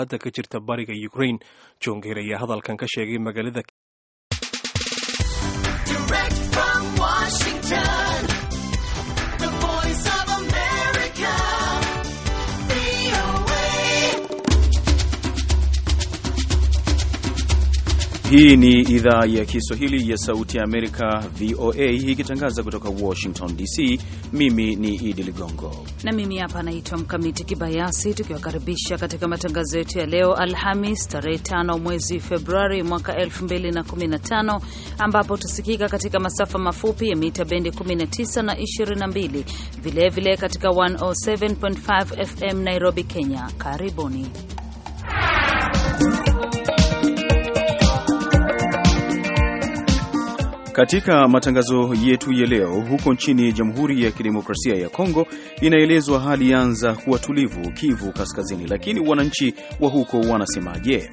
hadda ka jirta bariga ukrain jongeer ayaa hadalkan ka sheegay magaalada Hii ni idhaa ya Kiswahili ya Sauti ya Amerika, VOA, ikitangaza kutoka Washington DC. Mimi ni Idi Ligongo na mimi hapa naitwa Mkamiti Kibayasi, tukiwakaribisha katika matangazo yetu ya leo Alhamis tarehe 5 mwezi Februari mwaka 2015 ambapo tusikika katika masafa mafupi ya mita bendi 19 na 22, vilevile vile katika 107.5 FM Nairobi, Kenya. Karibuni Katika matangazo yetu ya leo, huko nchini Jamhuri ya Kidemokrasia ya Kongo inaelezwa hali yanza kuwa tulivu Kivu Kaskazini, lakini wananchi wa huko wanasemaje?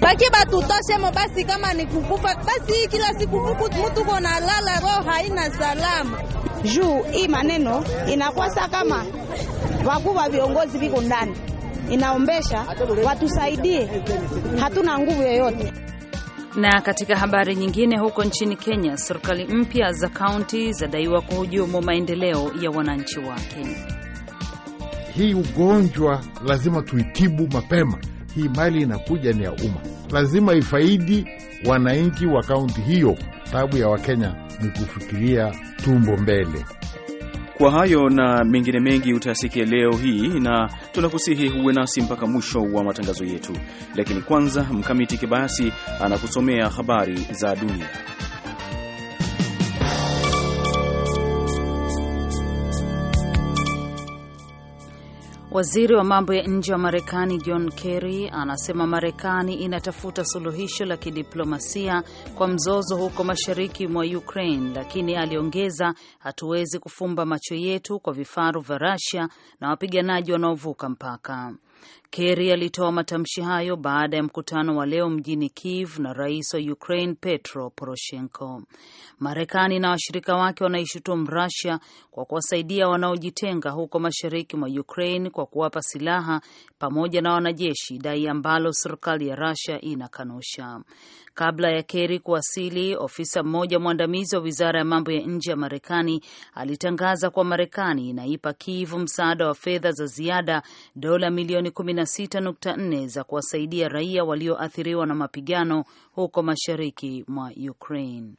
Baki batutoshemo basi, kama ni kukufa basi, kila siku mutu kona lala, roho haina salama juu hii maneno inakwasa, kama wakuu viongozi viko ndani, inaombesha watusaidie, hatuna nguvu yoyote. Na katika habari nyingine, huko nchini Kenya, serikali mpya za kaunti zadaiwa kuhujumu maendeleo ya wananchi wake. Hii ugonjwa lazima tuitibu mapema. Hii mali inakuja ni ya umma, lazima ifaidi wananchi wa kaunti hiyo. Sababu ya Wakenya ni kufikiria tumbo mbele. Kwa hayo na mengine mengi utayasikia leo hii, na tunakusihi huwe nasi mpaka mwisho wa matangazo yetu, lakini kwanza Mkamiti Kibayasi anakusomea habari za dunia. Waziri wa mambo ya nje wa Marekani John Kerry anasema Marekani inatafuta suluhisho la kidiplomasia kwa mzozo huko mashariki mwa Ukraine, lakini aliongeza, hatuwezi kufumba macho yetu kwa vifaru vya Russia na wapiganaji wanaovuka mpaka. Kerry alitoa matamshi hayo baada ya mkutano wa leo mjini Kiev na rais wa Ukraine Petro Poroshenko. Marekani na washirika wake wanaishutumu Russia kwa kuwasaidia wanaojitenga huko mashariki mwa Ukraine kwa kuwapa silaha pamoja na wanajeshi, dai ambalo serikali ya Russia inakanusha. Kabla ya Kerry kuwasili, ofisa mmoja mwandamizi wa wizara ya mambo ya nje ya Marekani alitangaza kuwa Marekani inaipa kivu msaada wa fedha za ziada dola milioni 16.4 za kuwasaidia raia walioathiriwa na mapigano huko mashariki mwa Ukraine.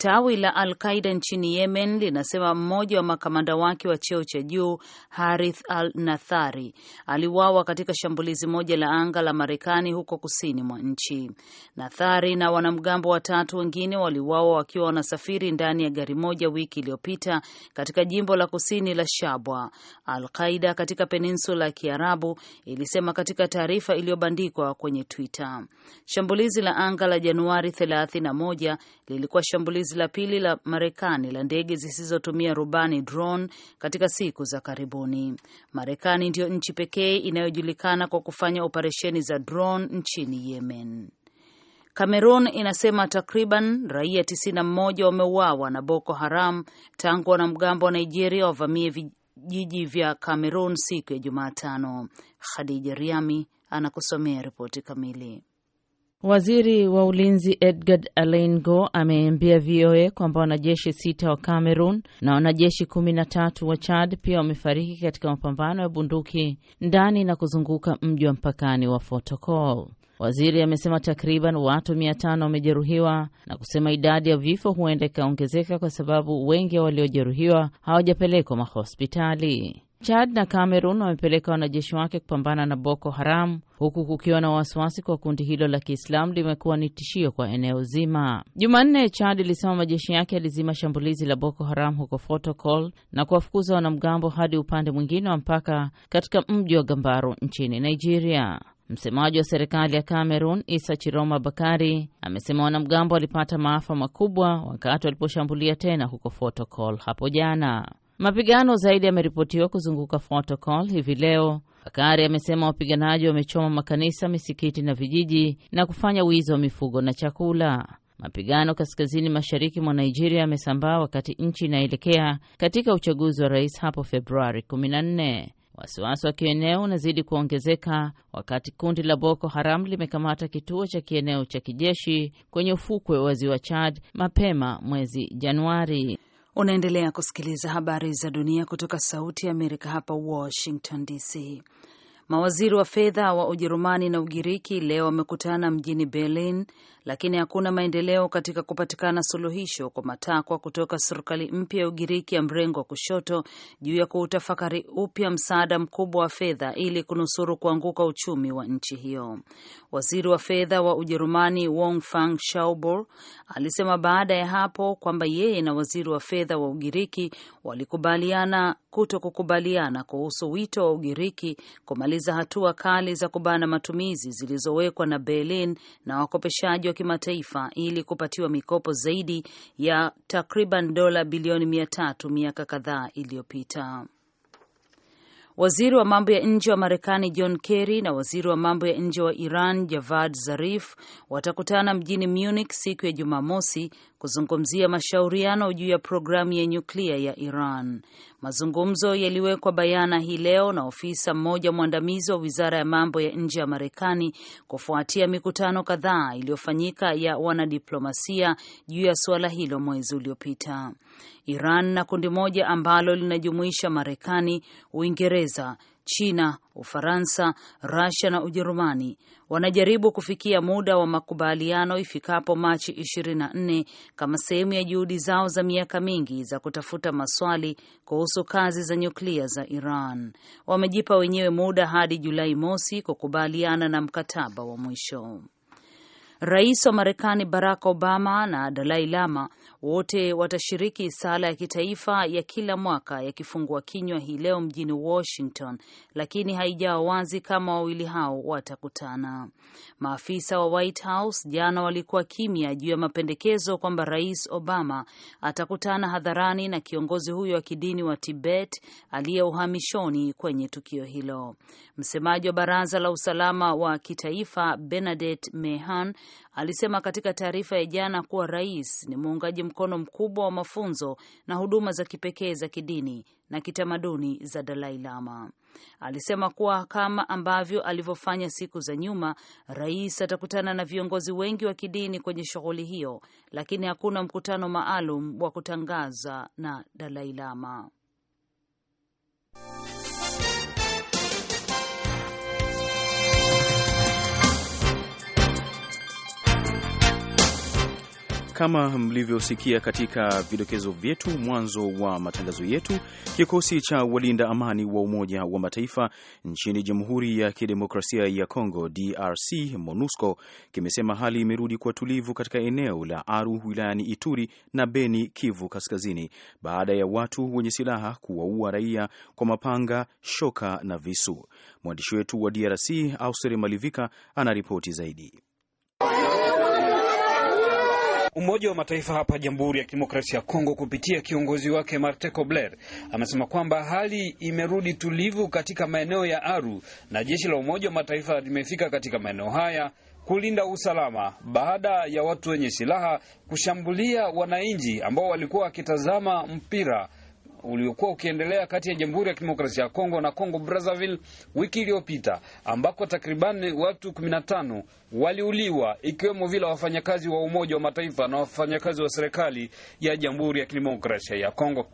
Tawi la Al Qaida nchini Yemen linasema mmoja wa makamanda wake wa cheo cha juu Harith Al Nathari aliwawa katika shambulizi moja la anga la Marekani huko kusini mwa nchi. Nathari na wanamgambo watatu wengine waliwawa wakiwa wanasafiri ndani ya gari moja wiki iliyopita katika jimbo la kusini la Shabwa. Al Qaida katika peninsula ya Kiarabu ilisema katika taarifa iliyobandikwa kwenye Twitter, shambulizi la anga la Januari 31 lilikuwa shambulizi shambulizi la pili la Marekani la ndege zisizotumia rubani drone katika siku za karibuni. Marekani ndiyo nchi pekee inayojulikana kwa kufanya operesheni za drone nchini Yemen. cameron inasema takriban raia 91 wameuawa na Boko Haram tangu wanamgambo wa Nigeria wavamie vijiji vya cameron siku ya Jumatano. Khadija Riami anakusomea ripoti kamili. Waziri wa ulinzi Edgard Alaingo ameambia VOA kwamba wanajeshi sita wa Cameroon na wanajeshi kumi na tatu wa Chad pia wamefariki katika mapambano ya bunduki ndani na kuzunguka mji wa mpakani wa Fotokol. Waziri amesema takriban watu mia tano wamejeruhiwa na kusema idadi ya vifo huenda ikaongezeka kwa sababu wengi waliojeruhiwa hawajapelekwa mahospitali. Chad na Cameroon wamepeleka wanajeshi wake kupambana na Boko Haram huku kukiwa na wasiwasi kwa kundi hilo la Kiislamu limekuwa ni tishio kwa eneo zima. Jumanne, Chad ilisema majeshi yake yalizima shambulizi la Boko Haram huko Fotokol na kuwafukuza wanamgambo hadi upande mwingine wa mpaka katika mji wa gambaru nchini Nigeria. Msemaji wa serikali ya Cameroon Isa Chiroma Bakari amesema wanamgambo walipata maafa makubwa wakati waliposhambulia tena huko Fotokol hapo jana. Mapigano zaidi yameripotiwa kuzunguka Fotokol hivi leo. Bakari amesema wapiganaji wamechoma makanisa, misikiti na vijiji na kufanya wizi wa mifugo na chakula. Mapigano kaskazini mashariki mwa Nigeria yamesambaa wakati nchi inaelekea katika uchaguzi wa rais hapo Februari 14. Wasiwasi wa kieneo unazidi kuongezeka wakati kundi la Boko Haram limekamata kituo cha kieneo cha kijeshi kwenye ufukwe wa ziwa Chad mapema mwezi Januari. Unaendelea kusikiliza habari za dunia kutoka Sauti ya Amerika hapa Washington DC. Mawaziri wa fedha wa Ujerumani na Ugiriki leo wamekutana mjini Berlin, lakini hakuna maendeleo katika kupatikana suluhisho kwa matakwa kutoka serikali mpya ya Ugiriki ya mrengo wa kushoto juu ya kuutafakari upya msaada mkubwa wa fedha ili kunusuru kuanguka uchumi wa nchi hiyo. Waziri wa fedha wa Ujerumani Wolfgang Schauble alisema baada ya hapo kwamba yeye na waziri wa fedha wa Ugiriki walikubaliana kuto kukubaliana kuhusu wito wa Ugiriki kumaliza za hatua kali za kubana matumizi zilizowekwa na Berlin na wakopeshaji wa kimataifa ili kupatiwa mikopo zaidi ya takriban dola bilioni mia tatu miaka kadhaa iliyopita. Waziri wa mambo ya nje wa Marekani John Kerry na waziri wa mambo ya nje wa Iran Javad Zarif watakutana mjini Munich siku ya Jumamosi kuzungumzia mashauriano juu ya programu ya nyuklia ya Iran. Mazungumzo yaliwekwa bayana hii leo na ofisa mmoja mwandamizi wa wizara ya mambo ya nje ya Marekani kufuatia mikutano kadhaa iliyofanyika ya wanadiplomasia juu ya suala hilo mwezi uliopita. Iran na kundi moja ambalo linajumuisha Marekani, Uingereza, China, Ufaransa, rasia na Ujerumani wanajaribu kufikia muda wa makubaliano ifikapo Machi 24 kama sehemu ya juhudi zao za miaka mingi za kutafuta maswali kuhusu kazi za nyuklia za Iran. Wamejipa wenyewe muda hadi Julai mosi kukubaliana na mkataba wa mwisho. Rais wa Marekani Barack Obama na Dalai Lama wote watashiriki sala ya kitaifa ya kila mwaka ya kifungua kinywa hii leo mjini Washington, lakini haijawa wazi kama wawili hao watakutana. Maafisa wa White House jana walikuwa kimya juu ya mapendekezo kwamba Rais Obama atakutana hadharani na kiongozi huyo wa kidini wa Tibet aliye uhamishoni kwenye tukio hilo. Msemaji wa Baraza la Usalama wa Kitaifa Benadet Mehan Alisema katika taarifa ya jana kuwa rais ni muungaji mkono mkubwa wa mafunzo na huduma za kipekee za kidini na kitamaduni za Dalai Lama. Alisema kuwa kama ambavyo alivyofanya siku za nyuma, rais atakutana na viongozi wengi wa kidini kwenye shughuli hiyo, lakini hakuna mkutano maalum wa kutangaza na Dalai Lama. Kama mlivyosikia katika vidokezo vyetu mwanzo wa matangazo yetu, kikosi cha walinda amani wa Umoja wa Mataifa nchini Jamhuri ya Kidemokrasia ya Kongo, DRC, MONUSCO, kimesema hali imerudi kwa tulivu katika eneo la Aru wilayani Ituri na Beni, Kivu Kaskazini, baada ya watu wenye silaha kuwaua raia kwa mapanga, shoka na visu. Mwandishi wetu wa DRC, auster Malivika, anaripoti zaidi. Umoja wa Mataifa hapa Jamhuri ya Kidemokrasia ya Kongo kupitia kiongozi wake Martin Kobler amesema kwamba hali imerudi tulivu katika maeneo ya Aru na jeshi la Umoja wa Mataifa limefika katika maeneo haya kulinda usalama baada ya watu wenye silaha kushambulia wananchi ambao walikuwa wakitazama mpira uliokuwa ukiendelea kati ya Jamhuri ya Kidemokrasia ya Kongo na Kongo Brazzaville wiki iliyopita, ambako takribani watu 15 waliuliwa ikiwemo vile wafanyakazi wa Umoja wa Mataifa na wafanyakazi wa serikali ya Jamhuri ya Kidemokrasia ya Kongo.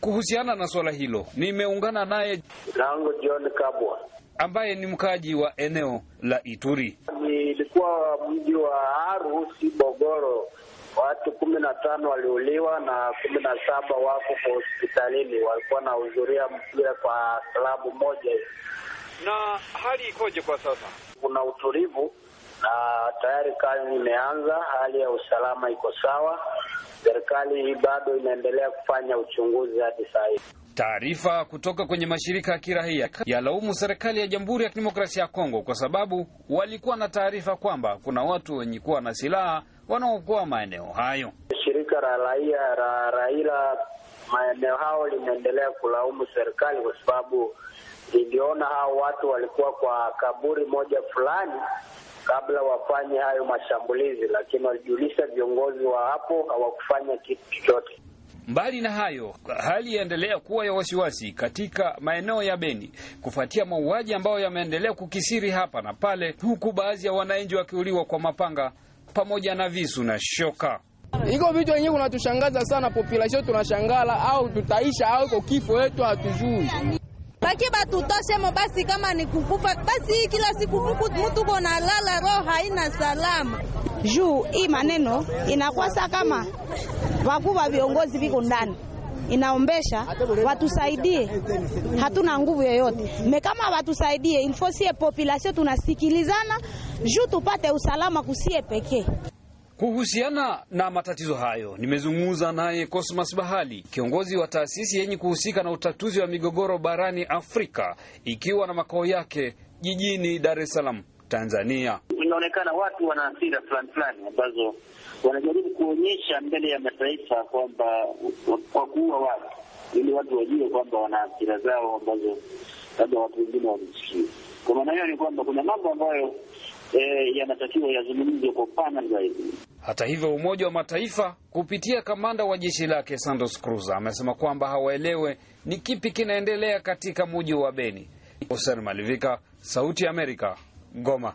Kuhusiana na swala hilo, nimeungana naye Lango John Kabwa ambaye ni mkaaji wa eneo la Ituri. Nilikuwa mji wa Aru si Bogoro watu kumi na tano waliuliwa na kumi na saba wako kwa hospitalini, walikuwa nahudhuria mpira kwa klabu moja. Na hali ikoje kwa sasa? Kuna utulivu na tayari kazi imeanza, hali ya usalama iko sawa. Serikali hii bado inaendelea kufanya uchunguzi hadi saa hii. Taarifa kutoka kwenye mashirika ya kiraia yalaumu serikali ya Jamhuri ya Kidemokrasia ya Kongo kwa sababu walikuwa na taarifa kwamba kuna watu wenye kuwa na silaha wanaokoa maeneo hayo. Shirika la raia la Raila maeneo hao limeendelea kulaumu serikali kwa sababu liliona hao watu walikuwa kwa kaburi moja fulani kabla wafanye hayo mashambulizi, lakini walijulisha viongozi wa hapo hawakufanya kitu chochote. Mbali na hayo, hali yaendelea kuwa ya wasiwasi katika maeneo ya Beni kufuatia mauaji ambayo yameendelea kukisiri hapa na pale, huku baadhi ya wananchi wakiuliwa kwa mapanga pamoja na visu na shoka. Iko vitu yenyewe kunatushangaza sana, population tunashangala, au tutaisha au iko kifo yetu hatujui baki batutoshemo basi, kama ni kukufa basi. Kila siku mtu kona lala, roho haina salama juu hii maneno inakwasa kama wakuu viongozi viko ndani inaombesha watusaidie, hatuna nguvu yoyote. Me kama watusaidie ilfo sie population tunasikilizana juu tupate usalama kusie pekee. Kuhusiana na matatizo hayo, nimezungumza naye Cosmas Bahali, kiongozi wa taasisi yenye kuhusika na utatuzi wa migogoro barani Afrika, ikiwa na makao yake jijini Dar es Salaam, Tanzania. Inaonekana watu wana hasira fulani fulani ambazo wanajaribu kuonyesha mbele ya mataifa kwamba kwa kuua watu, ili watu wajue kwamba wana hasira zao ambazo labda watu wengine wamesikia. Kwa maana hiyo ni kwamba kuna mambo ambayo E, yanatakiwa yazungumzwe kwa upana zaidi. Hata hivyo, Umoja wa Mataifa kupitia kamanda wa jeshi lake Santos Cruz amesema kwamba hawaelewe ni kipi kinaendelea katika muji wa Beni. Oser Malivika, Sauti ya Amerika, Goma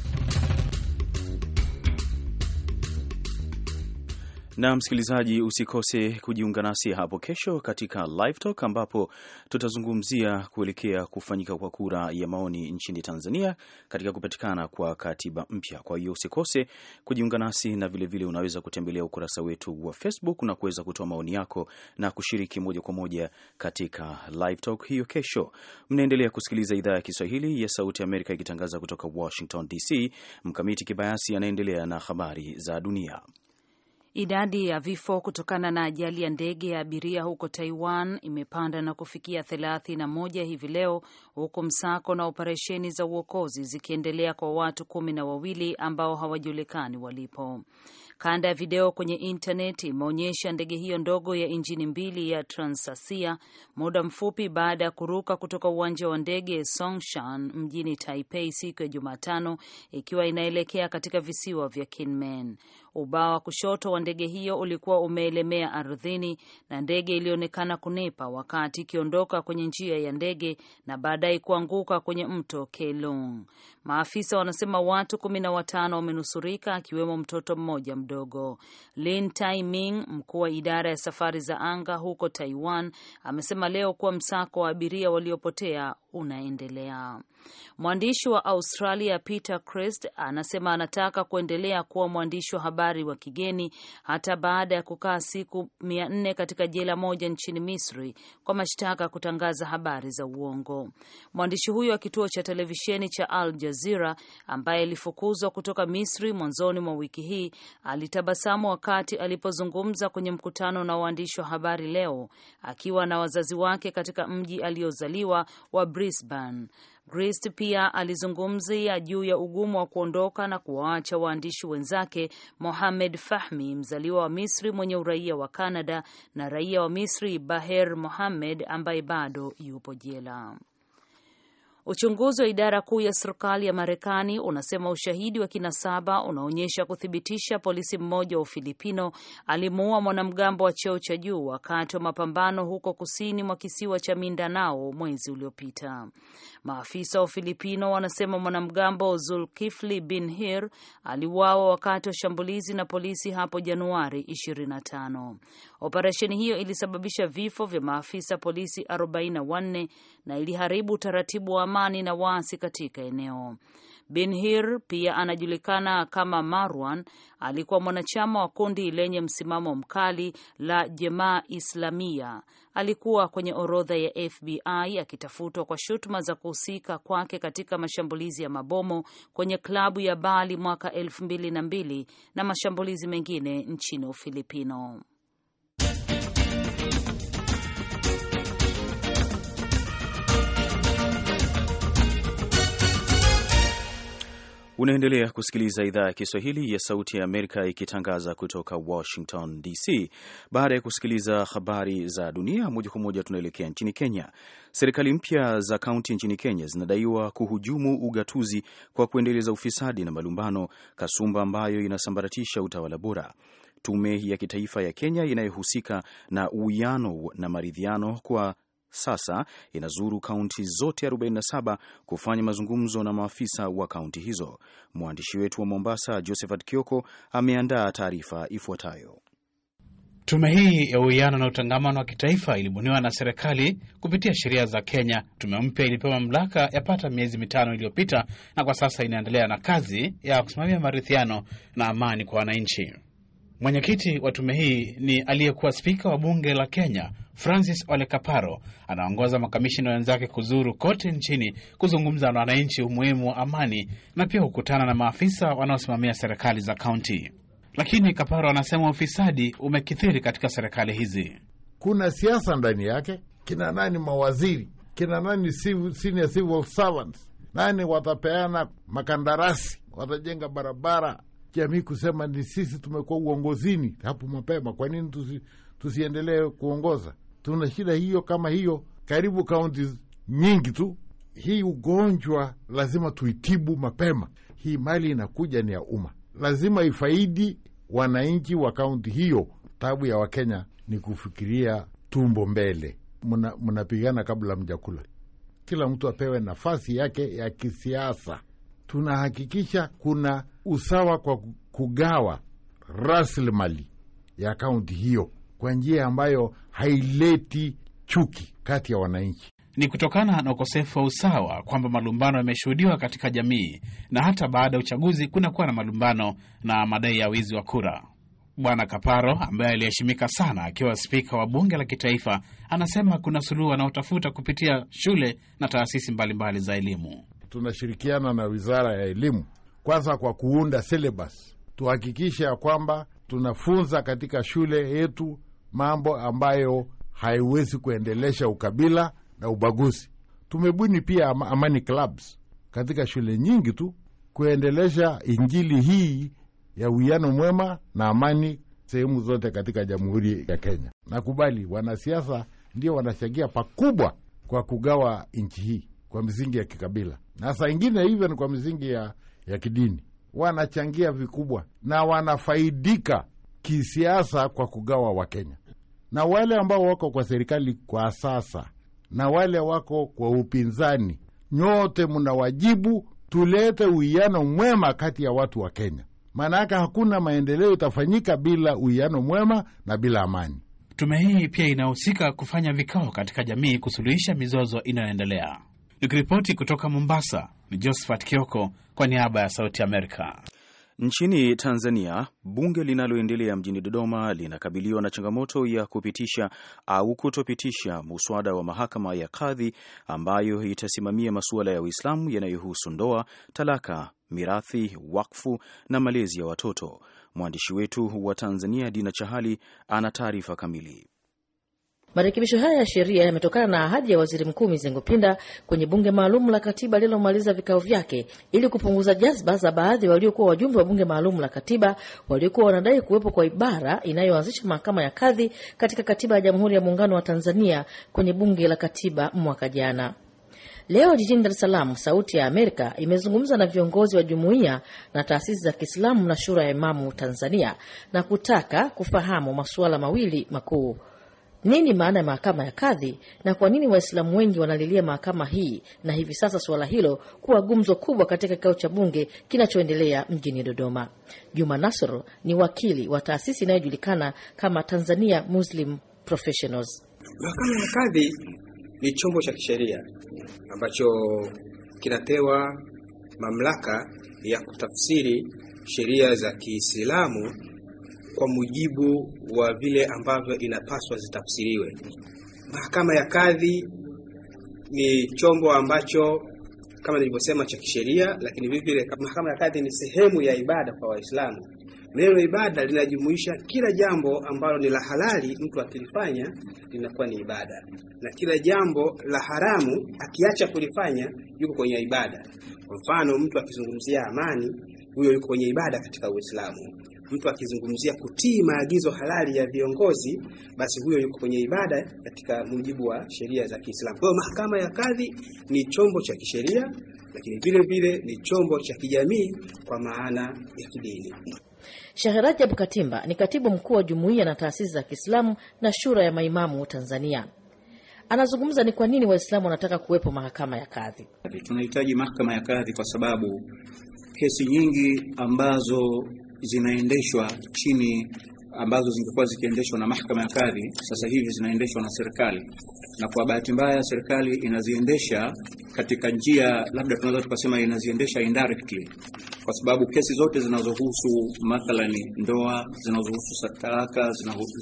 Na msikilizaji, usikose kujiunga nasi hapo kesho katika Live Talk ambapo tutazungumzia kuelekea kufanyika kwa kura ya maoni nchini Tanzania katika kupatikana kwa katiba mpya. Kwa hiyo usikose kujiunga nasi na vilevile vile unaweza kutembelea ukurasa wetu wa Facebook na kuweza kutoa maoni yako na kushiriki moja kwa moja katika Live Talk hiyo kesho. Mnaendelea kusikiliza idhaa ya Kiswahili ya Sauti ya Amerika ikitangaza kutoka Washington DC. Mkamiti Kibayasi anaendelea na habari za dunia. Idadi ya vifo kutokana na ajali ya ndege ya abiria huko Taiwan imepanda na kufikia thelathini na moja hivi leo, huku msako na operesheni za uokozi zikiendelea kwa watu kumi na wawili ambao hawajulikani walipo. Kanda ya video kwenye intaneti imeonyesha ndege hiyo ndogo ya injini mbili ya Transasia muda mfupi baada ya kuruka kutoka uwanja wa ndege Songshan mjini Taipei siku ya Jumatano ikiwa inaelekea katika visiwa vya Kinmen. Ubao wa kushoto wa ndege hiyo ulikuwa umeelemea ardhini na ndege ilionekana kunipa wakati ikiondoka kwenye njia ya ndege na baadaye kuanguka kwenye mto Kelung. Maafisa wanasema watu kumi na watano wamenusurika akiwemo mtoto mmoja mdogo mdogo. Lin Taiming, mkuu wa idara ya safari za anga huko Taiwan, amesema leo kuwa msako wa abiria waliopotea unaendelea. Mwandishi wa Australia Peter Crist anasema anataka kuendelea kuwa mwandishi wa habari wa kigeni hata baada ya kukaa siku mia nne katika jela moja nchini Misri kwa mashtaka ya kutangaza habari za uongo. Mwandishi huyo wa kituo cha televisheni cha Al Jazira ambaye alifukuzwa kutoka Misri mwanzoni mwa wiki hii alitabasamu wakati alipozungumza kwenye mkutano na waandishi wa habari leo akiwa na wazazi wake katika mji aliozaliwa wa Brisbane. Grist pia alizungumzia juu ya ugumu wa kuondoka na kuwaacha waandishi wenzake Mohamed Fahmi, mzaliwa wa Misri mwenye uraia wa Kanada, na raia wa Misri Baher Mohamed ambaye bado yupo jela. Uchunguzi wa idara kuu ya serikali ya Marekani unasema ushahidi wa kinasaba unaonyesha kuthibitisha polisi mmoja wa Ufilipino alimuua mwanamgambo wa cheo cha juu wakati wa mapambano huko kusini mwa kisiwa cha Mindanao mwezi uliopita. Maafisa wa Ufilipino wanasema mwanamgambo Zulkifli Bin Hir aliuawa wakati wa shambulizi na polisi hapo Januari 25. Operesheni hiyo ilisababisha vifo vya maafisa polisi 44 na iliharibu utaratibu wa amani na waasi katika eneo. Binhir pia anajulikana kama Marwan, alikuwa mwanachama wa kundi lenye msimamo mkali la Jemaa Islamia. Alikuwa kwenye orodha ya FBI akitafutwa kwa shutuma za kuhusika kwake katika mashambulizi ya mabomo kwenye klabu ya Bali mwaka elfu mbili na mbili na mashambulizi mengine nchini Ufilipino. Unaendelea kusikiliza idhaa ya Kiswahili ya Sauti ya Amerika ikitangaza kutoka Washington DC. Baada ya kusikiliza habari za dunia moja kwa moja, tunaelekea nchini Kenya. Serikali mpya za kaunti nchini Kenya zinadaiwa kuhujumu ugatuzi kwa kuendeleza ufisadi na malumbano, kasumba ambayo inasambaratisha utawala bora. Tume ya Kitaifa ya Kenya inayohusika na uwiano na maridhiano kwa sasa inazuru kaunti zote 47 kufanya mazungumzo na maafisa wa kaunti hizo. Mwandishi wetu wa Mombasa, Josephat Kioko, ameandaa taarifa ifuatayo. Tume hii ya uwiano na utangamano wa kitaifa ilibuniwa na serikali kupitia sheria za Kenya. Tume mpya ilipewa mamlaka yapata miezi mitano iliyopita, na kwa sasa inaendelea na kazi ya kusimamia maridhiano na amani kwa wananchi. Mwenyekiti wa tume hii ni aliyekuwa spika wa bunge la Kenya Francis Ole Kaparo. Anaongoza makamishina wenzake kuzuru kote nchini kuzungumza na wananchi umuhimu wa amani na pia hukutana na maafisa wanaosimamia serikali za kaunti. Lakini Kaparo anasema ufisadi umekithiri katika serikali hizi. Kuna siasa ndani yake. Kina nani mawaziri? Kina nani senior civil servants? Nani watapeana makandarasi? Watajenga barabara? jamii kusema ni sisi tumekuwa uongozini hapo mapema, kwa nini tusi, tusiendelee kuongoza? Tuna shida hiyo kama hiyo karibu kaunti nyingi tu. Hii ugonjwa lazima tuitibu mapema. Hii mali inakuja ni ya umma, lazima ifaidi wananchi wa kaunti hiyo. Tabu ya Wakenya ni kufikiria tumbo mbele, mnapigana kabla mjakula. Kila mtu apewe nafasi yake ya kisiasa tunahakikisha kuna usawa kwa kugawa rasilimali ya kaunti hiyo kwa njia ambayo haileti chuki kati ya wananchi. Ni kutokana na ukosefu wa usawa kwamba malumbano yameshuhudiwa katika jamii, na hata baada ya uchaguzi kunakuwa na malumbano na madai ya wizi wa kura. Bwana Kaparo, ambaye aliheshimika sana akiwa spika wa bunge la kitaifa, anasema kuna suluhu anaotafuta kupitia shule na taasisi mbalimbali za elimu tunashirikiana na Wizara ya Elimu kwanza kwa kuunda syllabus, tuhakikishe ya kwamba tunafunza katika shule yetu mambo ambayo haiwezi kuendelesha ukabila na ubaguzi. Tumebuni pia amani clubs katika shule nyingi tu kuendelesha injili hii ya uwiano mwema na amani sehemu zote katika Jamhuri ya Kenya. Nakubali wanasiasa ndio wanachangia pakubwa kwa kugawa nchi hii kwa misingi ya kikabila na saa ingine even kwa misingi ya, ya kidini. Wanachangia vikubwa na wanafaidika kisiasa kwa kugawa Wakenya na wale ambao wako kwa serikali kwa sasa na wale wako kwa upinzani, nyote mna wajibu tulete uwiano mwema kati ya watu wa Kenya, yake hakuna maendeleo itafanyika bila uwiano mwema na bila amani. Tume hii pia inahusika kufanya vikao katika jamii kusuluhisha mizozo inayoendelea. Nikiripoti kutoka Mombasa ni Josephat Kioko kwa niaba ya Sauti Amerika. Nchini Tanzania, bunge linaloendelea mjini Dodoma linakabiliwa na changamoto ya kupitisha au kutopitisha muswada wa mahakama ya kadhi ambayo itasimamia masuala ya Uislamu yanayohusu ndoa, talaka, mirathi, wakfu na malezi ya watoto. Mwandishi wetu wa Tanzania, Dina Chahali, ana taarifa kamili. Marekebisho haya ya sheria yametokana na ahadi ya Waziri Mkuu Mizengo Pinda kwenye bunge maalum la katiba lililomaliza vikao vyake ili kupunguza jazba za baadhi waliokuwa wajumbe wa bunge maalum la katiba waliokuwa wanadai kuwepo kwa ibara inayoanzisha mahakama ya kadhi katika katiba ya Jamhuri ya Muungano wa Tanzania kwenye bunge la katiba mwaka jana. Leo jijini Dar es Salaam, Sauti ya Amerika imezungumza na viongozi wa jumuiya na taasisi za Kiislamu na Shura ya Imamu Tanzania na kutaka kufahamu masuala mawili makuu. Nini maana ya mahakama ya kadhi na kwa nini Waislamu wengi wanalilia mahakama hii na hivi sasa suala hilo kuwa gumzo kubwa katika kikao cha bunge kinachoendelea mjini Dodoma? Juma Nasoro ni wakili wa taasisi inayojulikana kama Tanzania Muslim Professionals. Mahakama ya kadhi ni chombo cha kisheria ambacho kinapewa mamlaka ya kutafsiri sheria za Kiislamu kwa mujibu wa vile ambavyo inapaswa zitafsiriwe. Mahakama ya kadhi ni chombo ambacho kama nilivyosema cha kisheria, lakini vile vile mahakama ya kadhi ni sehemu ya ibada kwa Waislamu. Neno ibada linajumuisha kila jambo ambalo ni la halali, mtu akilifanya linakuwa ni ibada, na kila jambo la haramu akiacha kulifanya yuko kwenye ibada. Kwa mfano, mtu akizungumzia amani, huyo yuko kwenye ibada katika Uislamu mtu akizungumzia kutii maagizo halali ya viongozi, basi huyo yuko kwenye ibada katika mujibu wa sheria za Kiislamu. Kwa hiyo mahakama ya kadhi ni chombo cha kisheria, lakini vile vile ni chombo cha kijamii kwa maana ya kidini. Sheikh Rajab Katimba ni katibu mkuu wa jumuiya na taasisi za Kiislamu na shura ya maimamu Tanzania. Anazungumza ni kwa nini Waislamu wanataka kuwepo mahakama ya kadhi. Tunahitaji mahakama ya kadhi kwa sababu kesi nyingi ambazo zinaendeshwa chini ambazo zingekuwa zikiendeshwa na mahakama ya kadhi, sasa hivi zinaendeshwa na serikali, na kwa bahati mbaya serikali inaziendesha katika njia, labda tunaweza tukasema inaziendesha indirectly kwa sababu kesi zote zinazohusu mathalani ndoa, zinazohusu talaka,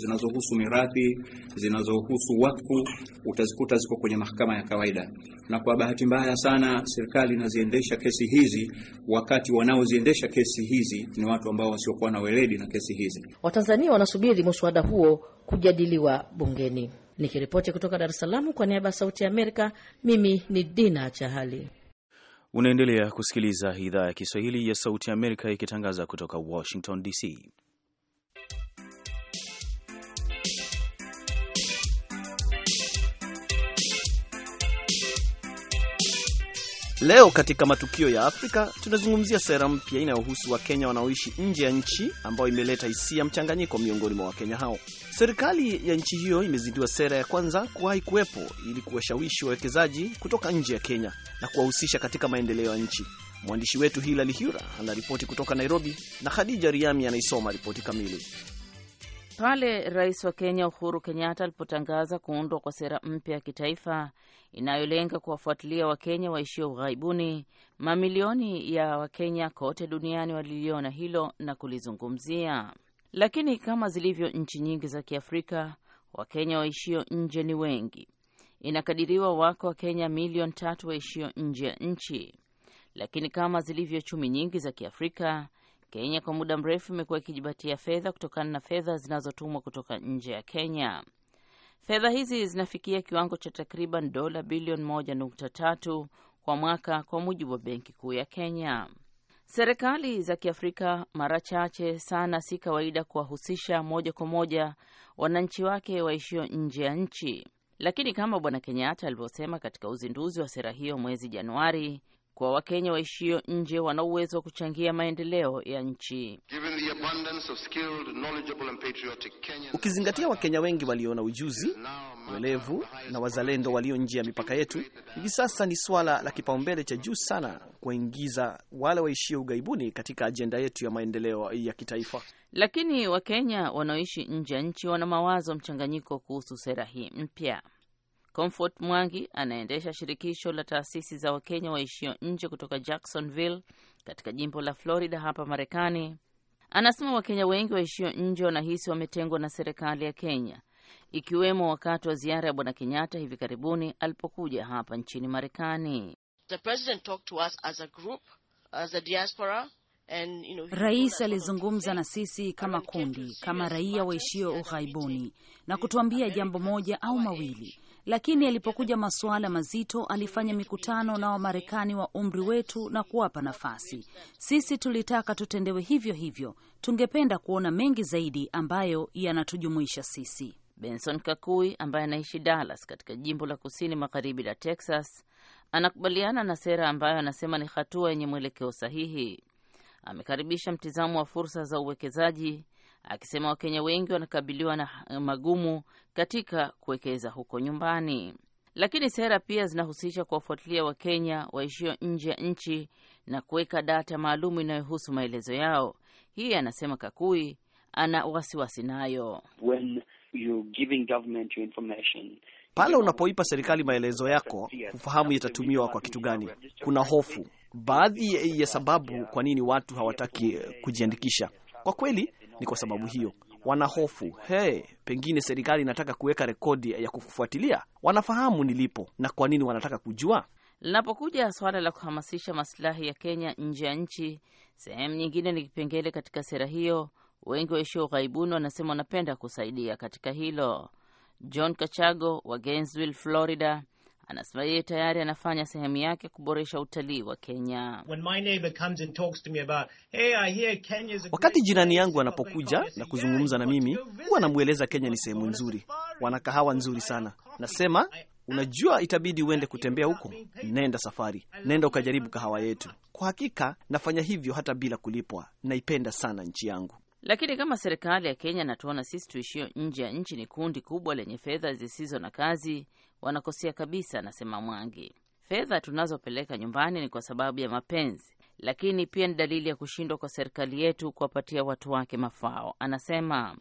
zinazohusu mirathi, zinazohusu wakfu utazikuta ziko kwenye mahakama ya kawaida, na kwa bahati mbaya sana serikali inaziendesha kesi hizi, wakati wanaoziendesha kesi hizi ni watu ambao wasiokuwa na weledi na kesi hizi. Watanzania wanasubiri muswada huo kujadiliwa bungeni. Nikiripoti kutoka Dar es Salaam kwa niaba ya Sauti ya Amerika, mimi ni Dina Chahali. Unaendelea kusikiliza idhaa ya Kiswahili ya Sauti ya Amerika ikitangaza kutoka Washington DC. Leo katika matukio ya Afrika tunazungumzia sera mpya inayohusu Wakenya wanaoishi nje ya nchi ambayo imeleta hisia mchanganyiko miongoni mwa Wakenya hao. Serikali ya nchi hiyo imezindua sera ya kwanza kuwahi kuwepo ili kuwashawishi wawekezaji kutoka nje ya Kenya na kuwahusisha katika maendeleo ya nchi. Mwandishi wetu Hilali Hura anaripoti kutoka Nairobi na Khadija Riami anaisoma ripoti kamili. Pale rais wa Kenya Uhuru Kenyatta alipotangaza kuundwa kwa sera mpya ya kitaifa inayolenga kuwafuatilia Wakenya waishio ughaibuni, mamilioni ya Wakenya kote duniani waliliona hilo na kulizungumzia. Lakini kama zilivyo nchi nyingi za Kiafrika, Wakenya waishio nje ni wengi. Inakadiriwa wako Wakenya milioni tatu waishio nje ya nchi. Lakini kama zilivyo chumi nyingi za Kiafrika, Kenya kwa muda mrefu imekuwa ikijipatia fedha kutokana na fedha zinazotumwa kutoka nje ya Kenya. Fedha hizi zinafikia kiwango cha takriban dola bilioni moja nukta tatu kwa mwaka kwa mujibu wa Benki Kuu ya Kenya. Serikali za Kiafrika mara chache sana, si kawaida kuwahusisha moja kwa moja wananchi wake waishio nje ya nchi, lakini kama Bwana Kenyatta alivyosema katika uzinduzi wa sera hiyo mwezi Januari, kuwa Wakenya waishio nje wana uwezo wa kuchangia maendeleo ya nchi. Ukizingatia Wakenya wengi walio na ujuzi, welevu na wazalendo walio nje ya mipaka yetu, hivi sasa ni swala la kipaumbele cha juu sana kuwaingiza wale waishio ughaibuni katika ajenda yetu ya maendeleo ya kitaifa. Lakini Wakenya wanaoishi nje ya nchi wana mawazo mchanganyiko kuhusu sera hii mpya. Comfort Mwangi anaendesha shirikisho la taasisi za Wakenya waishio nje kutoka Jacksonville katika jimbo la Florida hapa Marekani. Anasema Wakenya wengi waishio nje wanahisi wametengwa na serikali ya Kenya, ikiwemo wakati wa ziara ya Bwana Kenyatta hivi karibuni alipokuja hapa nchini Marekani. And, you know, rais alizungumza na sisi kama kundi, kama raia waishio ughaibuni na kutuambia jambo moja au mawili lakini alipokuja masuala mazito alifanya mikutano na Wamarekani wa umri wetu na kuwapa nafasi. Sisi tulitaka tutendewe hivyo hivyo, tungependa kuona mengi zaidi ambayo yanatujumuisha sisi. Benson Kakui ambaye anaishi Dallas katika jimbo la kusini magharibi la Texas anakubaliana na sera ambayo anasema ni hatua yenye mwelekeo sahihi. Amekaribisha mtizamo wa fursa za uwekezaji akisema Wakenya wengi wanakabiliwa na magumu katika kuwekeza huko nyumbani, lakini sera pia zinahusisha kuwafuatilia Wakenya waishio nje ya nchi na kuweka data maalum inayohusu maelezo yao. Hii anasema Kakui ana wasiwasi nayo. pale unapoipa serikali maelezo yako, kufahamu yatatumiwa kwa kitu gani, kuna hofu. Baadhi ya sababu kwa nini watu hawataki kujiandikisha, kwa kweli ni kwa sababu hiyo wanahofu, he pengine serikali inataka kuweka rekodi ya kufuatilia. Wanafahamu nilipo na kwa nini wanataka kujua. Linapokuja suala la kuhamasisha masilahi ya Kenya nje ya nchi, sehemu nyingine ni kipengele katika sera hiyo. Wengi waishio ughaibuni wanasema wanapenda kusaidia katika hilo. John Kachago wa Gainesville, Florida Anasema yeye tayari anafanya sehemu yake kuboresha utalii wa Kenya. Wakati jirani yangu anapokuja na kuzungumza na mimi, huwa namweleza Kenya ni sehemu nzuri, wana kahawa nzuri sana. Nasema unajua, itabidi uende kutembea huko, nenda safari, nenda ukajaribu kahawa yetu. Kwa hakika nafanya hivyo hata bila kulipwa, naipenda sana nchi yangu. Lakini kama serikali ya Kenya natuona sisi tuishio nje ya nchi ni kundi kubwa lenye fedha zisizo na kazi wanakosea kabisa, anasema Mwangi. Fedha tunazopeleka nyumbani ni kwa sababu ya mapenzi, lakini pia ni dalili ya kushindwa kwa serikali yetu kuwapatia watu wake mafao. Anasema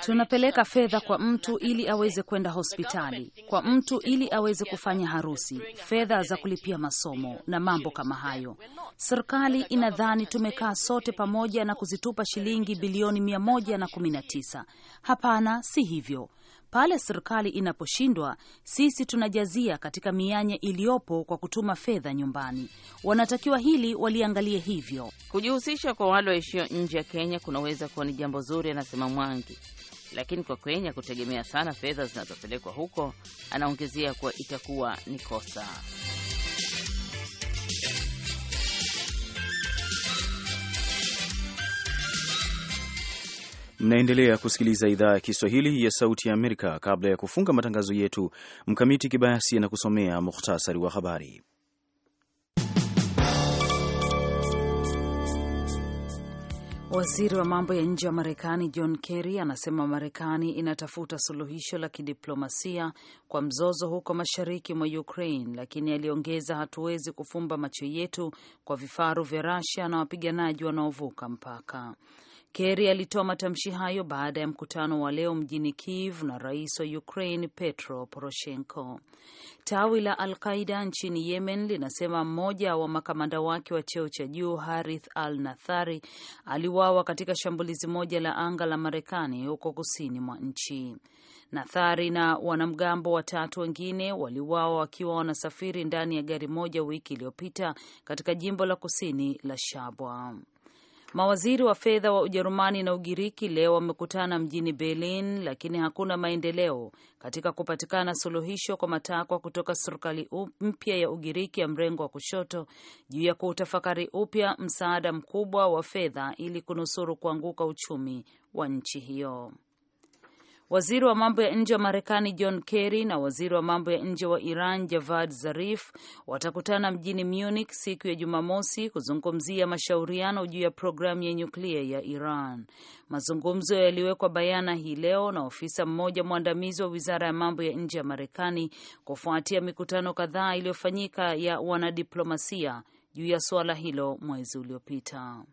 tunapeleka fedha kwa mtu ili aweze kwenda hospitali, kwa mtu ili aweze kufanya harusi, fedha za kulipia masomo na mambo kama hayo. Serikali inadhani tumekaa sote pamoja na kuzitupa shilingi bilioni mia moja na kumi Hapana, si hivyo. Pale serikali inaposhindwa, sisi tunajazia katika mianya iliyopo kwa kutuma fedha nyumbani. Wanatakiwa hili waliangalie hivyo. Kujihusisha kwa wale waishio nje ya Kenya kunaweza kuwa ni jambo zuri, anasema Mwangi, lakini kwa Kenya kutegemea sana fedha zinazopelekwa huko, anaongezea kuwa itakuwa ni kosa. Mnaendelea kusikiliza idhaa ya Kiswahili ya Sauti ya Amerika. Kabla ya kufunga matangazo yetu, Mkamiti Kibayasi anakusomea muhtasari wa habari. Waziri wa mambo ya nje wa Marekani John Kerry anasema Marekani inatafuta suluhisho la kidiplomasia kwa mzozo huko mashariki mwa Ukraine, lakini aliongeza, hatuwezi kufumba macho yetu kwa vifaru vya Russia na wapiganaji wanaovuka mpaka. Kerry alitoa matamshi hayo baada ya mkutano wa leo mjini Kiev na rais wa Ukraine Petro Poroshenko. Tawi la Al Qaida nchini Yemen linasema mmoja wa makamanda wake wa cheo cha juu Harith Al Nathari aliwawa katika shambulizi moja la anga la Marekani huko kusini mwa nchi. Nathari na wanamgambo watatu wengine waliwawa wakiwa wanasafiri ndani ya gari moja wiki iliyopita katika jimbo la kusini la Shabwa. Mawaziri wa fedha wa Ujerumani na Ugiriki leo wamekutana mjini Berlin, lakini hakuna maendeleo katika kupatikana suluhisho kwa matakwa kutoka serikali mpya ya Ugiriki ya mrengo wa kushoto juu ya kuutafakari upya msaada mkubwa wa fedha ili kunusuru kuanguka uchumi wa nchi hiyo. Waziri wa mambo ya nje wa Marekani John Kerry na waziri wa mambo ya nje wa Iran Javad Zarif watakutana mjini Munich siku ya Jumamosi kuzungumzia mashauriano juu ya programu ya nyuklia ya Iran. Mazungumzo yaliwekwa bayana hii leo na ofisa mmoja mwandamizi wa wizara ya mambo ya nje ya Marekani kufuatia mikutano kadhaa iliyofanyika ya wanadiplomasia juu ya suala hilo mwezi uliopita.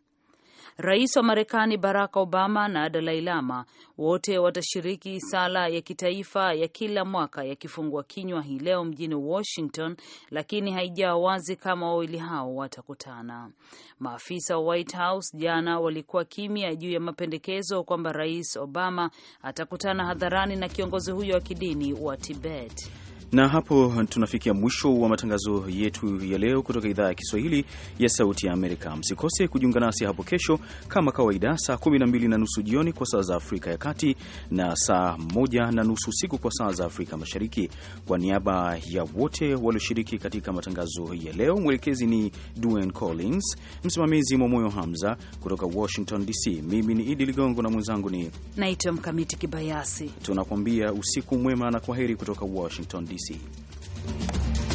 Rais wa Marekani Barack Obama na Dalai Lama wote watashiriki sala ya kitaifa ya kila mwaka ya kifungua kinywa hii leo mjini Washington, lakini haijawa wazi kama wawili hao watakutana. Maafisa wa White House jana walikuwa kimya juu ya mapendekezo kwamba Rais Obama atakutana hadharani na kiongozi huyo wa kidini wa Tibet. Na hapo tunafikia mwisho wa matangazo yetu ya leo kutoka idhaa ya Kiswahili ya Sauti ya Amerika. Msikose kujiunga nasi hapo kesho kama kawaida, saa 12 na nusu jioni kwa saa za Afrika ya Kati na saa 1 na nusu usiku kwa saa za Afrika Mashariki. Kwa niaba ya wote walioshiriki katika matangazo ya leo, mwelekezi ni Duane Collins, msimamizi Mwamoyo Hamza kutoka Washington DC. Mimi ni Idi Ligongo na mwenzangu ni naitwa Mkamiti Kibayasi. Tunakuambia usiku mwema na kwaheri kutoka Washington DC. 自己。